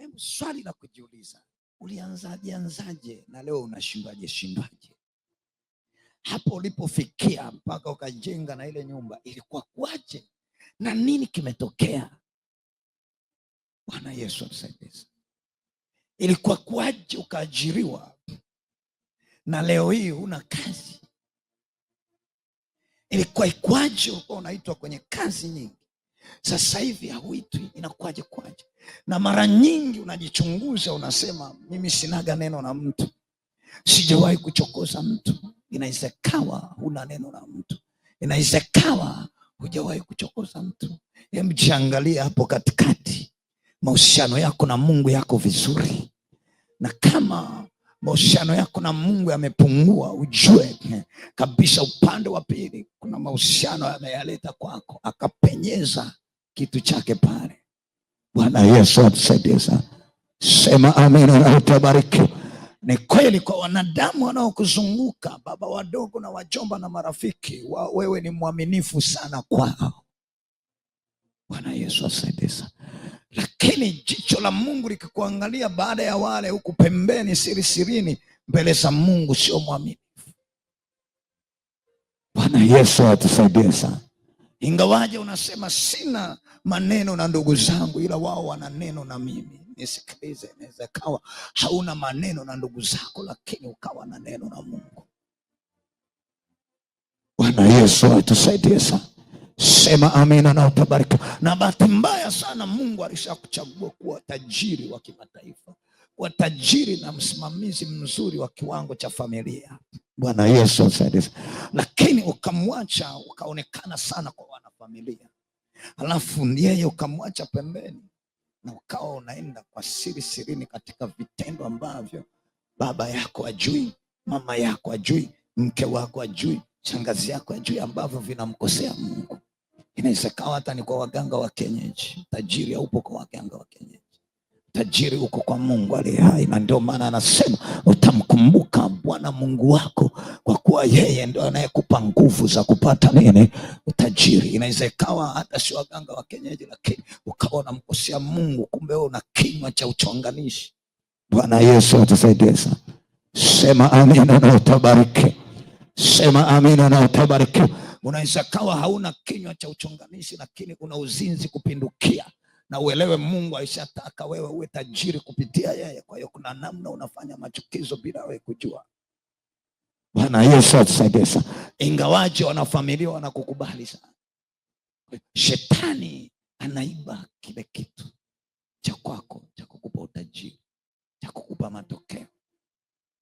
Hebu swali la kujiuliza, ulianzaje anzaje na leo unashindaje shindaje? Hapo ulipofikia mpaka ukajenga na ile nyumba ilikuwa kwaje na nini kimetokea? Bwana Yesu atusaidie. Ilikuwa kwaje ukaajiriwa na leo hii huna kazi? Ilikuwa ikwaje ulikuwa unaitwa kwenye kazi nyingi? Sasa hivi hauitwi, inakuaje kwaje? Na mara nyingi unajichunguza, unasema mimi sinaga neno na mtu, sijawahi kuchokoza mtu. inawezekawa huna neno na mtu, inawezekawa hujawahi kuchokoza mtu. Hem, jiangalie hapo katikati, mahusiano yako na Mungu yako vizuri? Na kama mahusiano yako na Mungu yamepungua, ujue eh, kabisa upande wa pili kuna mahusiano ameyaleta kwako, akapenyeza kitu chake pale. Bwana Yesu atusaidie sana. Sema amina na utabariki. Ni kweli kwa wanadamu wanaokuzunguka, baba wadogo na wajomba na marafiki wa, wewe ni mwaminifu sana kwao. Bwana Yesu asaidie sana. Lakini jicho la Mungu likikuangalia baada ya wale huku pembeni, sirisirini mbele za Mungu sio mwaminifu. Bwana Yesu atusaidie sana. Ingawaje unasema sina maneno na ndugu zangu, ila wao wana neno na mimi. Nisikilize, inaweza kawa hauna maneno na ndugu zako, lakini ukawa na neno na Mungu. Bwana Yesu atusaidie sana. Sema amina na utabariki. Na bahati mbaya sana, Mungu alishakuchagua kuwa tajiri wa kimataifa, kuwa tajiri na msimamizi mzuri wa kiwango cha familia. Bwana Yesu asaidie. lakini ukamwacha, ukaonekana sana kwa wanafamilia Halafu yeye ukamwacha pembeni na ukawa unaenda kwa siri sirini katika vitendo ambavyo baba yako ajui, mama yako ajui, mke wako ajui, shangazi yako ajui, ambavyo vinamkosea Mungu. Inaweza kawa hata ni kwa waganga wa kenyeji Tajiri haupo kwa waganga wa kenyeji tajiri huko kwa Mungu aliye hai, na ndio maana anasema utamkumbuka Bwana Mungu wako, kwa kuwa yeye ndo anayekupa nguvu za kupata nini? Utajiri. Inaweza ikawa hata si waganga wa kienyeji, lakini ukawa unamkosea Mungu, kumbe wewe una kinywa cha uchonganishi. Bwana Yesu atusaidie sana. Sema amina na utabariki. Sema amina na utabariki. Unaweza kawa hauna kinywa cha uchonganishi, lakini una uzinzi kupindukia na uelewe Mungu aishataka wewe uwe tajiri kupitia yeye. Kwa hiyo kuna namna unafanya machukizo bila wewe kujua. Bwana Yesu atusaidie sana, ingawaje wanafamilia wanakukubali sana. Shetani anaiba kile kitu cha kwako cha kukupa utajiri cha kukupa matokeo.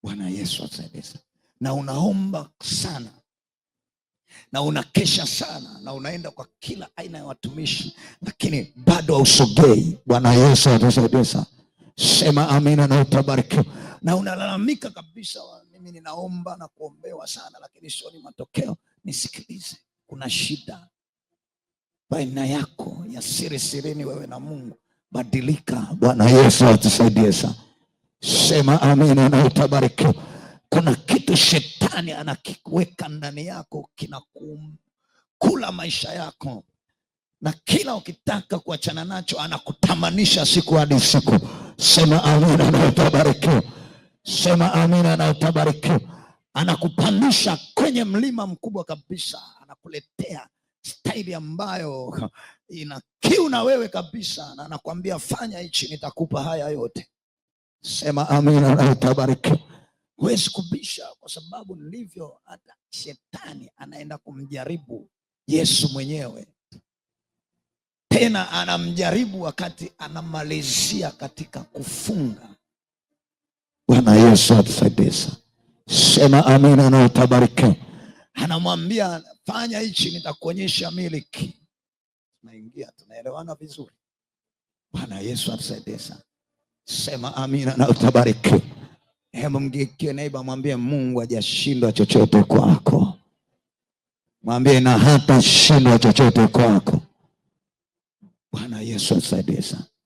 Bwana Yesu atusaidie sana, na unaomba sana na unakesha sana na unaenda kwa kila aina ya watumishi, lakini bado hausogei. Bwana Yesu atusaidia sema amina na utabarikiwa. Na unalalamika kabisa, mimi ninaomba na kuombewa sana, lakini sioni matokeo. Nisikilize, kuna shida baina yako ya siri sirini, wewe na Mungu. Badilika. Bwana Yesu atusaidie sana, sema amina na utabarikiwa. Kuna kitu shetani anakiweka ndani yako kinakula maisha yako, na kila ukitaka kuachana nacho anakutamanisha siku hadi siku. Sema amina na utabarikiwa. Sema amina na utabarikiwa. Anakupandisha kwenye mlima mkubwa kabisa, anakuletea staili ambayo ina kiu na wewe kabisa, na anakuambia fanya hichi, nitakupa haya yote. Sema amina na utabarikiwa. Huwezi kubisha kwa sababu nilivyo, hata shetani anaenda kumjaribu Yesu mwenyewe, tena anamjaribu wakati anamalizia katika kufunga. Bwana Yesu atusaidisa, sema amina na utabariki. Anamwambia fanya hichi, nitakuonyesha miliki. Tunaingia, tunaelewana vizuri. Bwana Yesu atusaidisa, sema amina na utabariki. Hebu mgeukie naiba, mwambie Mungu hajashindwa chochote kwako. Mwambie na hata shindwa chochote kwako. Bwana Yesu asaidie sana.